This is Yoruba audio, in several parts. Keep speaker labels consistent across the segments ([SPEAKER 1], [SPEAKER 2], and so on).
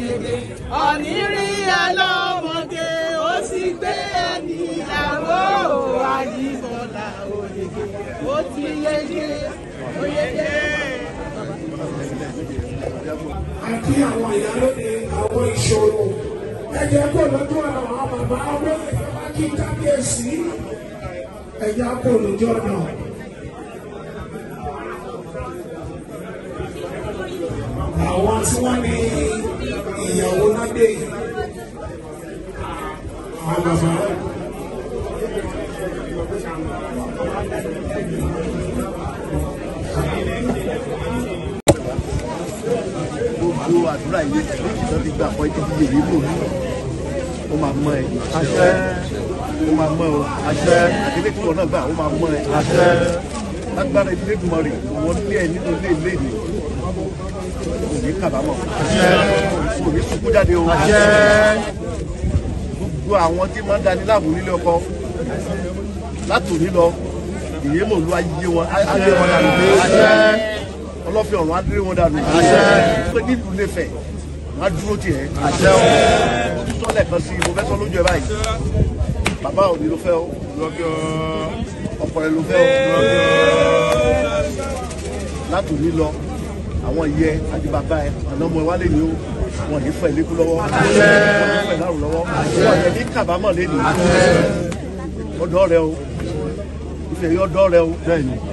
[SPEAKER 1] ògèdè ọ̀nì rí ẹlọ́mọge ó sì gbé ẹni ìyàwó àyíbọ̀là òyege ó ti yege òyege. àti àwọn ìyálóde àwọn ìṣòro ẹ̀jẹ̀ kò lọ́jọ́ àwọn bàbá ọmọ ìjọba kí kábíyèsí ẹ̀jẹ̀ kò lọ́jọ́ náà. àwọn tí wọ́n ní èèyàn wo náà dé yìí. àwọn bàbá gbogbo àdúrà yìí tó ti gbà pọ̀ ìtọ́jú yèyí lò ní ó máa mọ ẹ àṣẹ ó máa mọ ọ àṣẹ àdílé tí wọn náà gbà ó máa mọ ẹ àṣẹ lágbára ìdílé tó mọ ní ẹ nínú ilé ìlé ìlú kábàámọ̀ àwọn tí máa ń dání láàbò nílé ọkọ látòní lọ ìyé mòlú ayé wọn ayé wọn dànù ọlọ́fẹ́ ọ̀run adé wọn dànù pé nílùú lè fẹ̀ má dúró tiẹ̀ sọ́lẹ̀ kan sí mo fẹ́ sọ lójú ẹ báyìí bàbá òbí ló fẹ́ o ọkọ rẹ ló fẹ́ o látòní lọ àwọn ìyẹ àti bàbá ẹ àná ọmọ ẹ wálé ni ó wọn ní fẹ́ lékún lọ́wọ́ wọn ní fẹ́ lárùn lọ́wọ́ wọn ní ní kábàámọ̀ lé ní ọ̀dọ̀ rẹ o ìfẹ́ yọ ọ̀dọ̀ rẹ o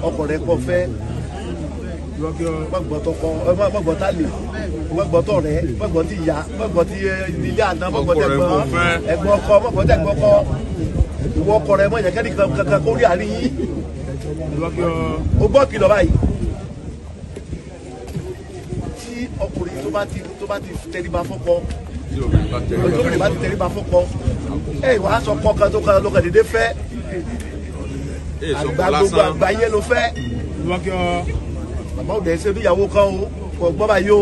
[SPEAKER 1] ọkọ rẹ kọ fẹ́ gbọgbọtọkọ gbọgbọtà lè gbọgbọtọ rẹ gbọgbọtì ìyá gbọgbọtì ìdílé àná gbọgbọtẹgbọn ẹ̀gbọ́n ọkọ gbọgbọtẹgbọkọ ìwọ ọkọ rẹ mọ ìyẹn kẹ́ni kankan kó rí àárín yín o gbọ́ kìlọ̀ báyìí ọkùnrin tó bá ti tó bá ti tẹríba fọ́kọ tóbìnrin bá ti tẹríba fọ́kọ ẹ ìwà aṣọ kọkan tó kan lọkàn dédé fẹ́ àgbà gbogbo àgbáyé ló fẹ́ bàbá òde ṣe níyàwó kan o kò gbọ́ báyìí o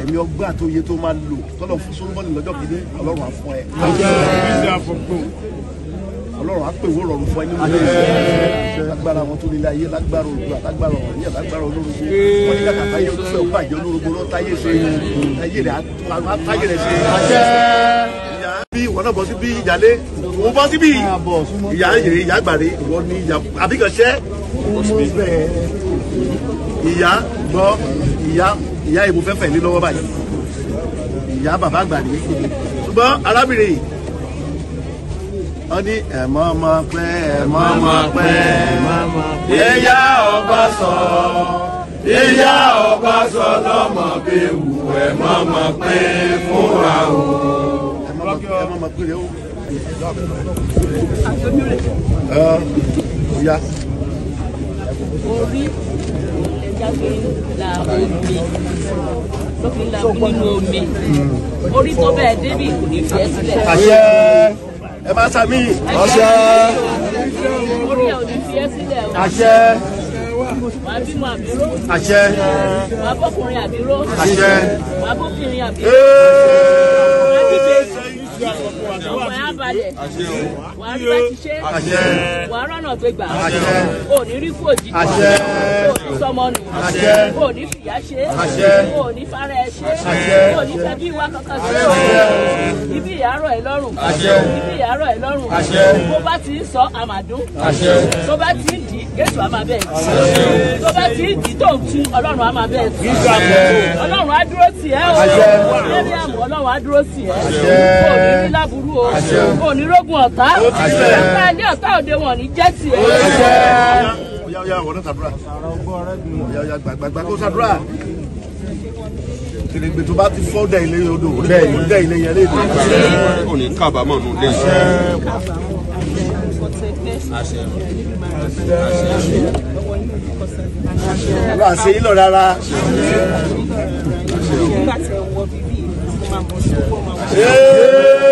[SPEAKER 1] ẹ̀mí ọgbà tó yẹ tó máa lò tọ́lọ̀ fún sọ́nbọ́ọ̀lì lọ́jọ́ kìíní ọlọ́run á fún ẹ ọlọ́run á pè wó rọrùn fún ẹni lórí ẹ̀ lágbára àwọn tó nílé ayé lágbára olùdó lágbára ọ̀rọ̀ ní lágbára olórúkọ wọn ní kàkàtà yẹ olùfẹ́ òkú àjẹ olórúkọ lọ táyé ṣe táyé rẹ̀ táyé rẹ̀ ṣe. bí ìwọ náà bọ́ sí bí ìyálé òwò bọ́ sí bí ìyá yèrè ìyá gbàre ìwọ ní ìyá àbíkànṣẹ́ ìyá gbọ́ ìyá ìyá ìmúfẹ́fẹ́ ní lọ́wọ́ báyìí ìyá bàbá gbàre ṣùgbọ́n arábìnrin yìí wọ́n ní ẹ̀mọ́mọ́ pé ẹ̀mọ́mọ́ pé ìyá ọba sọ ìyá ọba sọ lọ́mọ bí wù ẹ̀mọ́mọ́ pé fúnra o. ẹ̀mọ́mọ́ o. ya. orí ẹja fi la omi ló fi la omi nínú omi hmm. orí tó bẹ́ẹ̀ débì kò ní fi sílẹ̀ ẹ máa sàmì. àṣẹ. orí ẹ̀ ò ní fi ẹ́ sílẹ̀ o. àṣẹ. wàá bímọ àbíró. àṣẹ. wàá bọ́kùnrin àṣẹ. wàá á bá ti ṣe. wàá rọ̀nà gbégbà. ò ní rí kú òjijì sọmọnù o ní fìyà ṣe o ní fara ẹ ṣe o ní tẹbí ìwà kankan ṣe o ibi ìyàrá ẹ lọ́rùn ibi ìyàrá ẹ lọ́rùn bó bá ti ń sọ àmàdún tó bá ti ń dì Jésù á bẹ́ẹ̀ tí tó bá ti ń dì tó Ọlọ́run á máa bẹ́ẹ̀ tí Ọlọ́run á dúró tì ẹ́ o lẹ́rìí àmọ́ Ọlọ́run á dúró tì ẹ́ o o ní ọ̀yá ọ̀yá ọ̀wọ́ náà sàdúrà ọ̀yá ọ̀yá gbàgbàgbà kó sàdúrà kèrègbè tó bá ti fọ́ dẹ̀ ilé odò dẹ̀ ìlú dẹ̀ ilé yẹn léde. kò ní kábàámọ̀ nù lé. ọlọ́ àṣẹ yìí lọ rárá. nígbà tí ẹ wọ bíbí mo máa mọ̀ sí owó máa wọ.